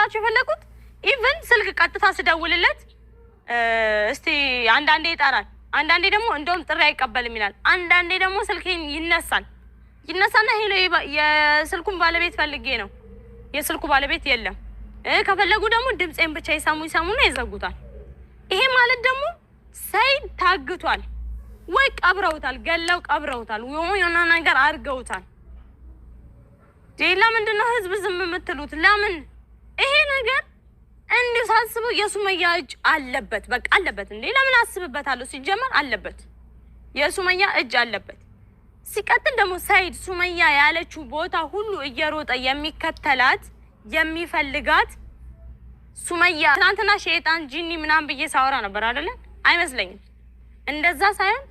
ልላችሁ የፈለኩት ኢቨን ስልክ ቀጥታ ስደውልለት እስቲ አንዳንዴ ይጠራል፣ አንዳንዴ ደግሞ እንደውም ጥሪ አይቀበልም ይላል። አንዳንዴ ደግሞ ስልክን ይነሳል ይነሳና ሄሎ የስልኩን ባለቤት ፈልጌ ነው፣ የስልኩ ባለቤት የለም። ከፈለጉ ደግሞ ድምፄን ብቻ ይሰሙ ይሰሙና ይዘጉታል። ይሄ ማለት ደግሞ ሰይድ ታግቷል ወይ ቀብረውታል፣ ገለው ቀብረውታል፣ የሆነ ነገር አድርገውታል። ለምንድን ነው ህዝብ ዝም የምትሉት? ለምን ይሄ ነገር እንዲሁ ሳስበው የሱመያ እጅ አለበት። በቃ አለበት እንዴ! ለምን አስብበታለሁ? ሲጀመር አለበት፣ የሱመያ እጅ አለበት። ሲቀጥል ደግሞ ሰይድ ሱመያ ያለችው ቦታ ሁሉ እየሮጠ የሚከተላት የሚፈልጋት ሱመያ ትናንትና ሸይጣን ጂኒ ምናምን ብዬ ሳወራ ነበር አይደለ? አይመስለኝም። እንደዛ ሳይሆን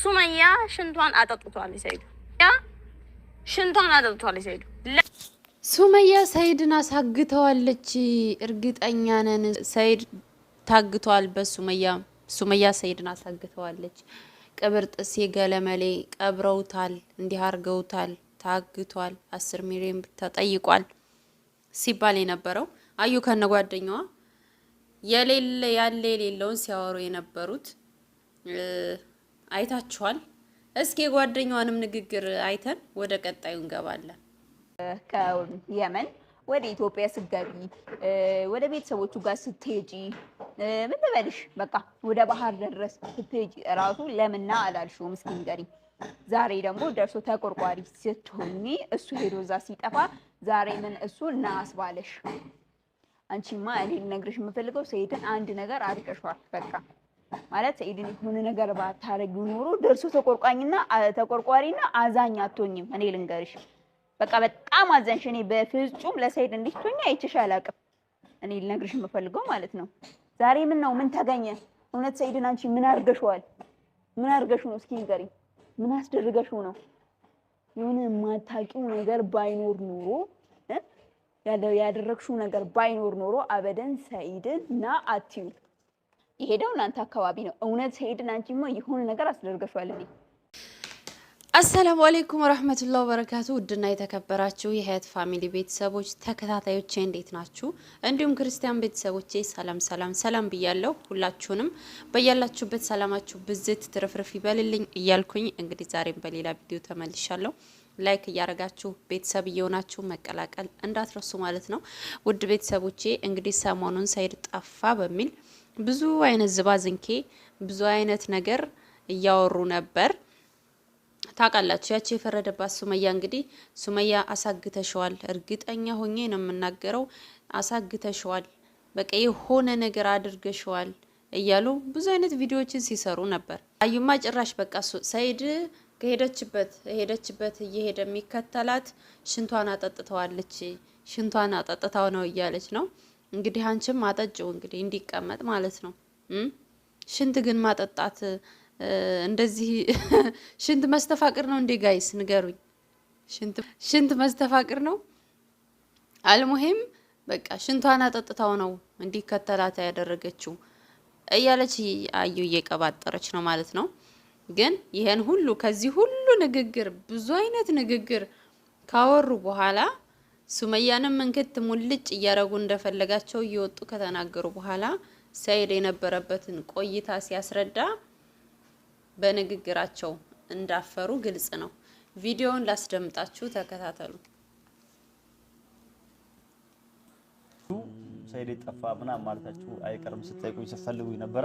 ሱመያ ሽንቷን አጠጥቷል። ሰይዱ ያ ሽንቷን አጠጥቷል። ሰይዱ ሱመያ ሰይድን አሳግተዋለች። እርግጠኛ ነን ሰይድ በሱመያ ሱመያ ሰይድን አሳግተዋለች። ቅብር ጥሴ ገለመሌ ቀብረውታል፣ እንዲህ አርገውታል፣ ታግቷል፣ አስር ሚሊዮን ተጠይቋል ሲባል የነበረው አዩ ከነ ጓደኛዋ የሌለ ያለ የሌለውን ሲያወሩ የነበሩት አይታችኋል። እስኪ የጓደኛዋንም ንግግር አይተን ወደ ቀጣዩ እንገባለን። ከየመን ወደ ኢትዮጵያ ስገቢ ወደ ቤተሰቦቹ ጋር ስትሄጂ ምን ልበልሽ፣ በቃ ወደ ባህር ደረስ ስትሄጂ እራሱ ለምና አላልሽውም? እስኪ ንገሪኝ። ዛሬ ደግሞ ደርሶ ተቆርቋሪ ስትሆኚ እሱ ሄዶ እዛ ሲጠፋ ዛሬ ምን እሱ እና አስባለሽ። አንቺማ እኔ ልነግርሽ የምፈልገው ሰይድን አንድ ነገር አድርቀሽዋል። በቃ ማለት ሰይድን የሆነ ነገር ባታረጊው ኖሮ ደርሶ ተቆርቋኝና ተቆርቋሪና አዛኝ አትሆኝም። እኔ ልንገርሽ በቃ በጣም አዘንሽ። እኔ በፍጹም ለሰይድ እንዲትሆኛ አይችሽ አላውቅም። እኔ ልነግርሽ የምፈልገው ማለት ነው ዛሬ ምን ነው ምን ተገኘ? እውነት ሰይድን አንቺ ምን አድርገሽዋል? ምን አድርገሽው ነው እስኪ ንገሪኝ። ምን አስደርገሽ ነው? የሆነ የማታውቂው ነገር ባይኖር ኖሮ ያደረግሽው ነገር ባይኖር ኖሮ አበደን ሰይድን ና አትዩ። የሄደው እናንተ አካባቢ ነው። እውነት ሰይድን አንቺማ የሆነ ነገር አስደርገሽዋል እኔ አሰላሙ አሌይኩም ወረህመቱላህ ወበረካቱ። ውድና የተከበራችሁ የሀያት ፋሚሊ ቤተሰቦች ተከታታዮቼ እንዴት ናችሁ? እንዲሁም ክርስቲያን ቤተሰቦቼ ሰላም ሰላም ሰላም ብያለሁ። ሁላችሁንም በያላችሁበት ሰላማችሁ ብዝት ትርፍርፍ ይበልልኝ እያልኩኝ እንግዲህ ዛሬም በሌላ ቪዲዮ ተመልሻለሁ። ላይክ እያደረጋችሁ ቤተሰብ እየሆናችሁ መቀላቀል እንዳትረሱ ማለት ነው። ውድ ቤተሰቦቼ እንግዲህ ሰሞኑን ሰይድ ጠፋ በሚል ብዙ አይነት ዝባዝንኬ ብዙ አይነት ነገር እያወሩ ነበር ታውቃላችሁ ያቺ የፈረደባት ሱመያ እንግዲህ ሱመያ አሳግተሸዋል፣ እርግጠኛ ሆኜ ነው የምናገረው። አሳግተሸዋል፣ በቃ የሆነ ነገር አድርገሸዋል እያሉ ብዙ አይነት ቪዲዮዎችን ሲሰሩ ነበር። አዩማ ጭራሽ በቃ ሰይድ ከሄደችበት ሄደችበት እየሄደ የሚከተላት ሽንቷን አጠጥተዋለች፣ ሽንቷን አጠጥታው ነው እያለች ነው እንግዲህ። አንቺም አጠጭው እንግዲህ እንዲቀመጥ ማለት ነው። ሽንት ግን ማጠጣት እንደዚህ ሽንት መስተፋቅር ነው እንዴ ጋይስ ንገሩኝ። ሽንት መስተፋቅር ነው። አልሙሂም በቃ ሽንቷን አጠጥታው ነው እንዲከተላት ያደረገችው እያለች አዩ እየቀባጠረች ነው ማለት ነው። ግን ይሄን ሁሉ ከዚህ ሁሉ ንግግር ብዙ አይነት ንግግር ካወሩ በኋላ ሱመያንም እንክት ሙልጭ እያረጉ እንደፈለጋቸው እየወጡ ከተናገሩ በኋላ ሰይድ የነበረበትን ቆይታ ሲያስረዳ በንግግራቸው እንዳፈሩ ግልጽ ነው። ቪዲዮውን ላስደምጣችሁ ተከታተሉ። ሰይድ ጠፋ ምናምን ማለታችሁ አይቀርም ስትጠይቁኝ ስትፈልጉኝ ነበረ።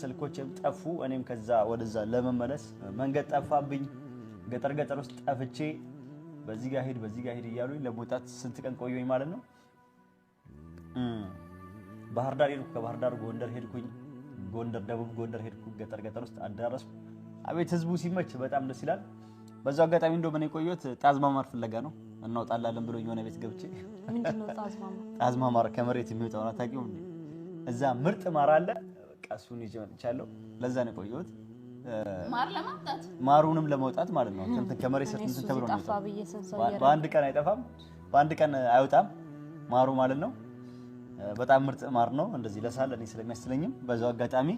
ስልኮችም ጠፉ። እኔም ከዛ ወደዛ ለመመለስ መንገድ ጠፋብኝ። ገጠር ገጠር ውስጥ ጠፍቼ በዚህ ጋር ሄድ በዚህ ጋር ሄድ እያሉኝ ለመውጣት ስንት ቀን ቆየኝ ማለት ነው። ባህር ዳር ሄድኩ። ከባህር ዳር ጎንደር ሄድኩኝ። ጎንደር፣ ደቡብ ጎንደር ሄድኩ። ገጠር ገጠር ውስጥ አዳረስኩ። አቤት ህዝቡ ሲመች በጣም ደስ ይላል። በዛው አጋጣሚ እንደሆነ የቆየሁት ጣዝማ ማር ፍለጋ ነው። እናውጣላለን ብሎ የሆነ ቤት ገብቼ ጣዝማ ማር ከመሬት የሚወጣው አታውቂውም? እዛ ምርጥ ማር አለ። በቃ እሱን ይዤ መጥቻለሁ። ለዛ ነው የቆየሁት ማር ለማምጣት ማሩንም ለመውጣት ማለት ነው። እንትን ከመሬት ስር እንትን ተብሎ ነው። በአንድ ቀን አይጠፋም፣ በአንድ ቀን አይወጣም ማሩ ማለት ነው። በጣም ምርጥ ማር ነው። እንደዚህ ለሳል እኔ ስለሚያስለኝም በዛው አጋጣሚ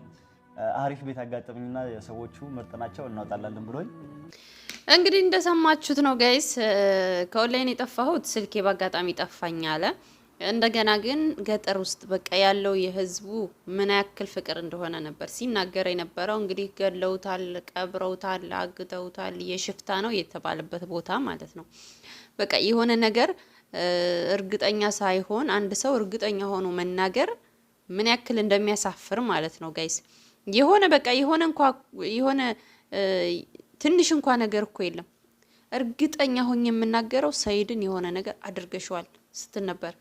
አሪፍ ቤት አጋጠመኝና ሰዎቹ ምርጥ ናቸው እናወጣላለን ብሎኝ እንግዲህ እንደሰማችሁት ነው ጋይስ። ከኦንላይን የጠፋሁት ስልኬ በአጋጣሚ ጠፋኝ አለ። እንደገና ግን ገጠር ውስጥ በቃ ያለው የህዝቡ ምን ያክል ፍቅር እንደሆነ ነበር ሲናገር የነበረው። እንግዲህ ገለውታል፣ ቀብረውታል፣ አግተውታል፣ የሽፍታ ነው የተባለበት ቦታ ማለት ነው። በቃ የሆነ ነገር እርግጠኛ ሳይሆን አንድ ሰው እርግጠኛ ሆኖ መናገር ምን ያክል እንደሚያሳፍር ማለት ነው ጋይስ። የሆነ በቃ የሆነ እንኳ የሆነ ትንሽ እንኳ ነገር እኮ የለም። እርግጠኛ ሆኝ የምናገረው ሰይድን የሆነ ነገር አድርገሽዋል ስትል ነበር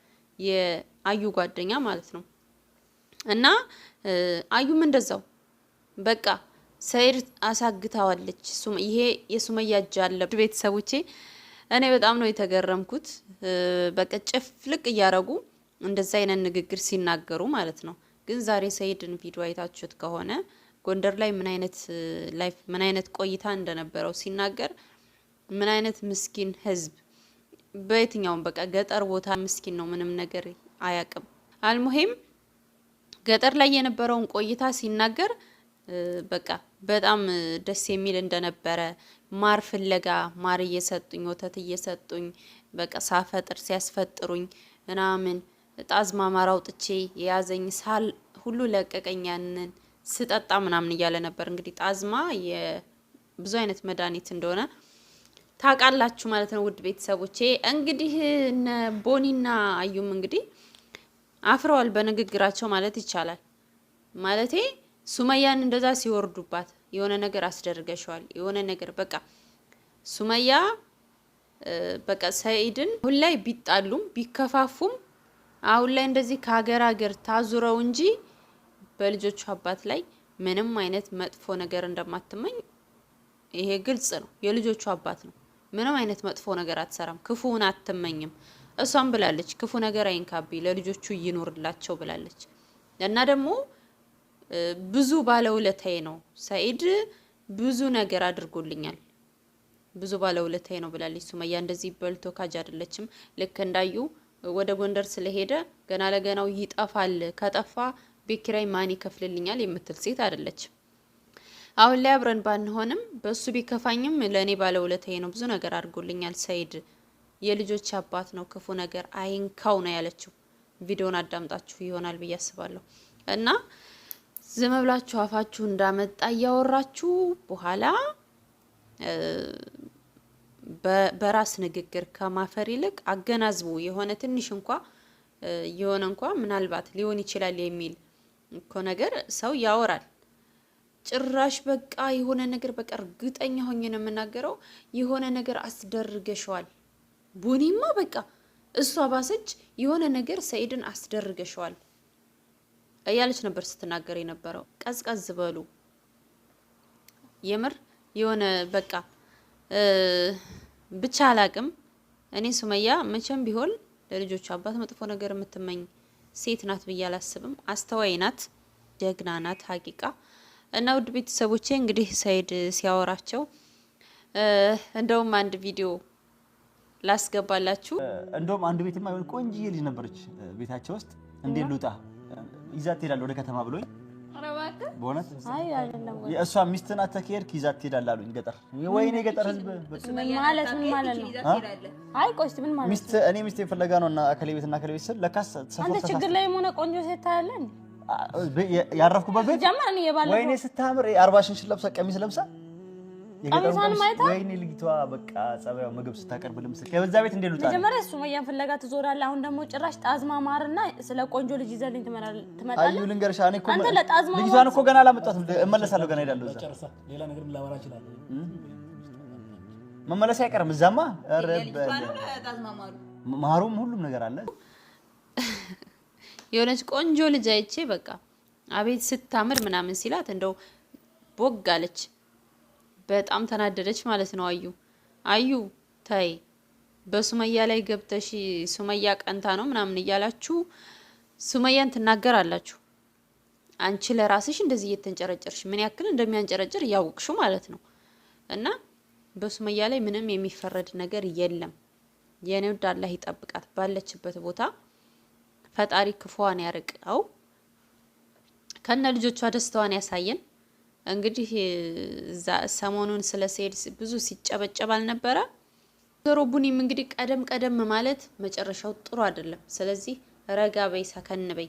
የአዩ ጓደኛ ማለት ነው። እና አዩም እንደዛው በቃ ሰይድ አሳግታዋለች። ይሄ የሱመያ እጅ አለ። ቤተሰቦቼ እኔ በጣም ነው የተገረምኩት። በቃ ጭፍልቅ እያረጉ እንደዛ አይነት ንግግር ሲናገሩ ማለት ነው። ግን ዛሬ ሰይድን ቪዲዮ አይታችሁት ከሆነ ጎንደር ላይ ምን አይነት ላይፍ ምን አይነት ቆይታ እንደነበረው ሲናገር ምን አይነት ምስኪን ህዝብ በየትኛውም በቃ ገጠር ቦታ ምስኪን ነው፣ ምንም ነገር አያቅም። አልሙሄም ገጠር ላይ የነበረውን ቆይታ ሲናገር በቃ በጣም ደስ የሚል እንደነበረ ማር ፍለጋ ማር እየሰጡኝ ወተት እየሰጡኝ በቃ ሳፈጥር ሲያስፈጥሩኝ ምናምን ጣዝማ ማር አውጥቼ የያዘኝ ሳል ሁሉ ለቀቀኝ። ያንን ስጠጣ ምናምን እያለ ነበር። እንግዲህ ጣዝማ የብዙ አይነት መድኃኒት እንደሆነ ታውቃላችሁ ማለት ነው ውድ ቤተሰቦቼ። እንግዲህ እነ ቦኒና አዩም እንግዲህ አፍረዋል በንግግራቸው ማለት ይቻላል ማለቴ ሱመያን እንደዛ ሲወርዱባት የሆነ ነገር አስደርገሸዋል። የሆነ ነገር በቃ ሱመያ በቃ ሰኢድን አሁን ላይ ቢጣሉም ቢከፋፉም አሁን ላይ እንደዚህ ከሀገር ሀገር ታዙረው እንጂ በልጆቹ አባት ላይ ምንም አይነት መጥፎ ነገር እንደማትመኝ ይሄ ግልጽ ነው። የልጆቹ አባት ነው። ምንም አይነት መጥፎ ነገር አትሰራም፣ ክፉን አትመኝም። እሷም ብላለች ክፉ ነገር አይንካቢ ለልጆቹ ይኖርላቸው ብላለች እና ደግሞ ብዙ ባለውለታዬ ነው ሰኢድ ብዙ ነገር አድርጎልኛል ብዙ ባለውለታዬ ነው ብላለች ሱመያ። እንደዚህ በልቶ ካጅ አይደለችም። ልክ እንዳዩ ወደ ጎንደር ስለሄደ ገና ለገናው ይጠፋል፣ ከጠፋ ቤት ኪራይ ማን ይከፍልልኛል የምትል ሴት አይደለችም። አሁን ላይ አብረን ባንሆንም በሱ ቢከፋኝም ለእኔ ባለውለታዬ ነው፣ ብዙ ነገር አድርጎልኛል ሰኢድ የልጆች አባት ነው፣ ክፉ ነገር አይንካው ነው ያለችው። ቪዲዮን አዳምጣችሁ ይሆናል ብዬ አስባለሁ እና ዝም ብላችሁ አፋችሁ እንዳመጣ እያወራችሁ በኋላ በራስ ንግግር ከማፈር ይልቅ አገናዝቡ። የሆነ ትንሽ እንኳ የሆነ እንኳ ምናልባት ሊሆን ይችላል የሚል እኮ ነገር ሰው ያወራል። ጭራሽ በቃ የሆነ ነገር በቃ እርግጠኛ ሆኜ ነው የምናገረው፣ የሆነ ነገር አስደርገሸዋል። ቡኒማ በቃ እሷ ባሰች፣ የሆነ ነገር ሰኢድን አስደርገሸዋል እያለች ነበር ስትናገር የነበረው። ቀዝቀዝ በሉ የምር የሆነ በቃ ብቻ አላቅም። እኔ ሱመያ መቼም ቢሆን ለልጆች አባት መጥፎ ነገር የምትመኝ ሴት ናት ብዬ አላስብም። አስተዋይ ናት፣ ጀግና ናት ሀቂቃ። እና ውድ ቤተሰቦቼ እንግዲህ ሰይድ ሲያወራቸው እንደውም አንድ ቪዲዮ ላስገባላችሁ። እንደውም አንድ ቤትማ ቆንጅዬ ልጅ ነበረች ቤታቸው ውስጥ እንዴ ሉጣ ይዛት ትሄዳለህ ወደ ከተማ ብሎኝ በእውነት እሷ ሚስት ናት። ተከሄድክ ይዛት ትሄዳለህ አሉኝ። ገጠር ወይኔ ገጠር ህዝብ ማለት ምን ማለት ነው? አይ ቆይ እስኪ ምን ማለት ሚስት እኔ ሚስት የፈለጋ ነው እና እከሌ ቤት እና እከሌ ቤት ስል ለካስ አንተ ችግር ላይ ሆነ ቆንጆ ሴት ታያለህ። ያረፍኩበት ቤት ወይኔ ስታምር አርባ ሽንሽን ለብሳ ቀሚስ ለብሳ ወይኔ ልጅቷ በቃ ጸባዩ ምግብ ስታቀርብ ልምስል ከበዛ ቤት እንዴት ልውጣ? መጀመሪያ ሱመያን ፍለጋ ትዞራለህ። አሁን ደግሞ ጭራሽ ጣዝማ ማርና ስለ ቆንጆ ልጅ ይዘልኝ ትመጣለህ። አዩ ልንገርሽ፣ እኔ እኮ ልጅቷን እኮ ገና አላመጣትም። እመለሳለሁ፣ ገና እሄዳለሁ። እዛ መመለስ አይቀርም። እዛማ ማሩም ሁሉም ነገር አለ። የሆነች ቆንጆ ልጅ አይቼ በቃ አቤት ስታምር ምናምን ሲላት እንደው ቦግ አለች። በጣም ተናደደች ማለት ነው። አዩ አዩ ታይ በሱመያ ላይ ገብተሽ ሱመያ ቀንታ ነው ምናምን እያላችሁ ሱመያን ትናገራላችሁ። አንቺ ለራስሽ እንደዚህ እየተንጨረጨርሽ ምን ያክል እንደሚያንጨረጭር እያወቅሽው ማለት ነው። እና በሱመያ ላይ ምንም የሚፈረድ ነገር የለም። የኔ ውድ አላህ ይጠብቃት ባለችበት ቦታ ፈጣሪ ክፉዋን ያርቀው፣ ከነ ልጆቿ ደስታዋን ያሳየን። እንግዲህ ሰሞኑን ስለ ሰኢድ ብዙ ሲጨበጨብ አልነበረ። ወይዘሮ ቡኒም እንግዲህ ቀደም ቀደም ማለት መጨረሻው ጥሩ አይደለም። ስለዚህ ረጋ በይ፣ ሰከን በይ፣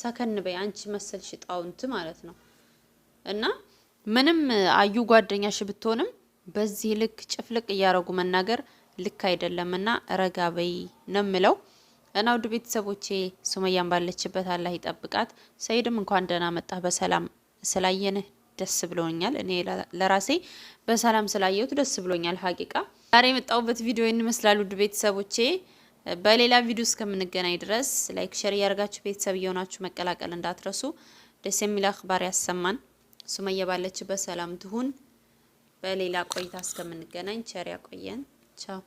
ሰከን በይ አንቺ መሰል ሽጣውንት ማለት ነው እና ምንም አዩ ጓደኛሽ ብትሆንም በዚህ ልክ ጭፍልቅ እያረጉ መናገር ልክ አይደለም እና ረጋ በይ ነው የምለው። እና ውድ ቤተሰቦቼ ሱመያን ባለችበት አላህ ይጠብቃት። ሰኢድም እንኳን ደህና መጣ በሰላም ስላየንህ ደስ ብሎኛል። እኔ ለራሴ በሰላም ስላየሁት ደስ ብሎኛል። ሀቂቃ ዛሬ የመጣሁበት ቪዲዮ ይመስላል። ውድ ቤተሰቦቼ በሌላ ቪዲዮ እስከምንገናኝ ድረስ ላይክ፣ ሸር እያደርጋችሁ ቤተሰብ እየሆናችሁ መቀላቀል እንዳትረሱ። ደስ የሚል አክባር ያሰማን። ሱመያ ባለችበት በሰላም ትሁን። በሌላ ቆይታ እስከምንገናኝ ቸር ያቆየን። ቻው